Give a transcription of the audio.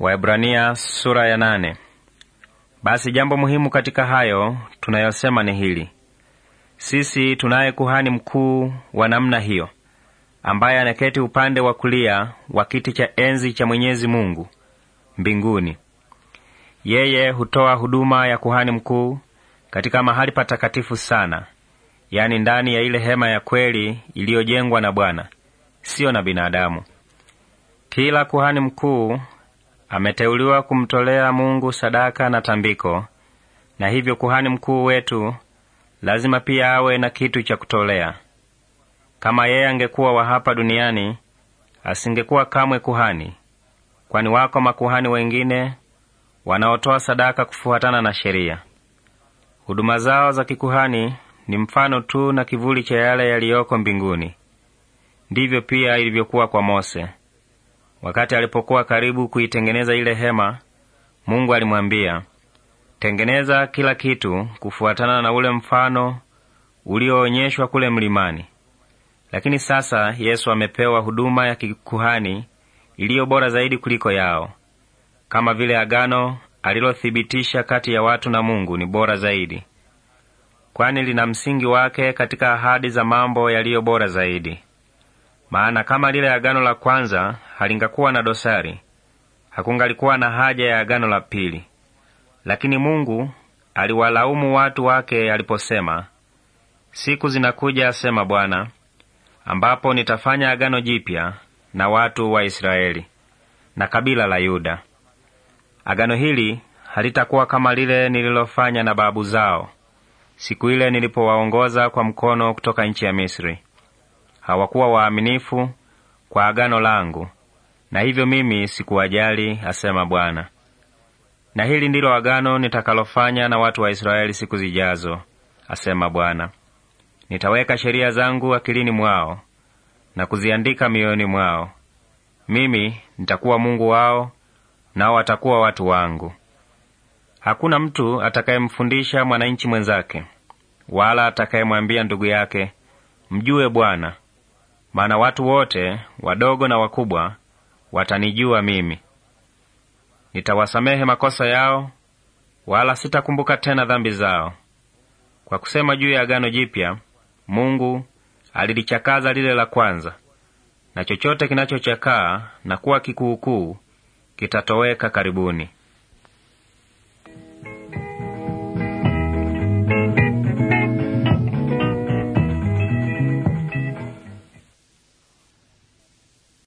Waebrania sura ya nane. Basi jambo muhimu katika hayo tunayosema ni hili: sisi tunaye kuhani mkuu wa namna hiyo, ambaye anaketi upande wa kulia wa kiti cha enzi cha Mwenyezi Mungu mbinguni. Yeye hutoa huduma ya kuhani mkuu katika mahali patakatifu sana, yaani ndani ya ile hema ya kweli iliyojengwa na Bwana, siyo na binadamu. Kila kuhani mkuu ameteuliwa kumtolea Mungu sadaka na tambiko, na hivyo kuhani mkuu wetu lazima pia awe na kitu cha kutolea. Kama yeye angekuwa wa hapa duniani, asingekuwa kamwe kuhani, kwani wako makuhani wengine wanaotoa sadaka kufuatana na sheria. Huduma zao za kikuhani ni mfano tu na kivuli cha yale yaliyoko mbinguni. Ndivyo pia ilivyokuwa kwa Mose. Wakati alipokuwa karibu kuitengeneza ile hema, Mungu alimwambia, tengeneza kila kitu kufuatana na ule mfano ulioonyeshwa kule mlimani. Lakini sasa Yesu amepewa huduma ya kikuhani iliyo bora zaidi kuliko yao, kama vile agano alilothibitisha kati ya watu na Mungu ni bora zaidi, kwani lina msingi wake katika ahadi za mambo yaliyo bora zaidi. Maana kama lile agano la kwanza halingakuwa na dosari, hakungalikuwa na haja ya agano la pili. Lakini Mungu aliwalaumu watu wake aliposema, siku zinakuja, asema Bwana, ambapo nitafanya agano jipya na watu wa Israeli na kabila la Yuda. Agano hili halitakuwa kama lile nililofanya na babu zao siku ile nilipowaongoza kwa mkono kutoka nchi ya Misri. Hawakuwa waaminifu kwa agano langu, na hivyo mimi sikuwajali, asema Bwana. Na hili ndilo agano nitakalofanya na watu wa Israeli siku zijazo, asema Bwana. Nitaweka sheria zangu akilini mwao na kuziandika mioyoni mwao. Mimi nitakuwa Mungu wao, nao watakuwa watu wangu. Hakuna mtu atakayemfundisha mwananchi mwenzake, wala atakayemwambia ndugu yake, mjue Bwana, maana watu wote wadogo na wakubwa watanijua mimi. Nitawasamehe makosa yao, wala sitakumbuka tena dhambi zao. Kwa kusema juu ya agano jipya, Mungu alilichakaza lile la kwanza, na chochote kinachochakaa na kuwa kikuukuu kitatoweka karibuni.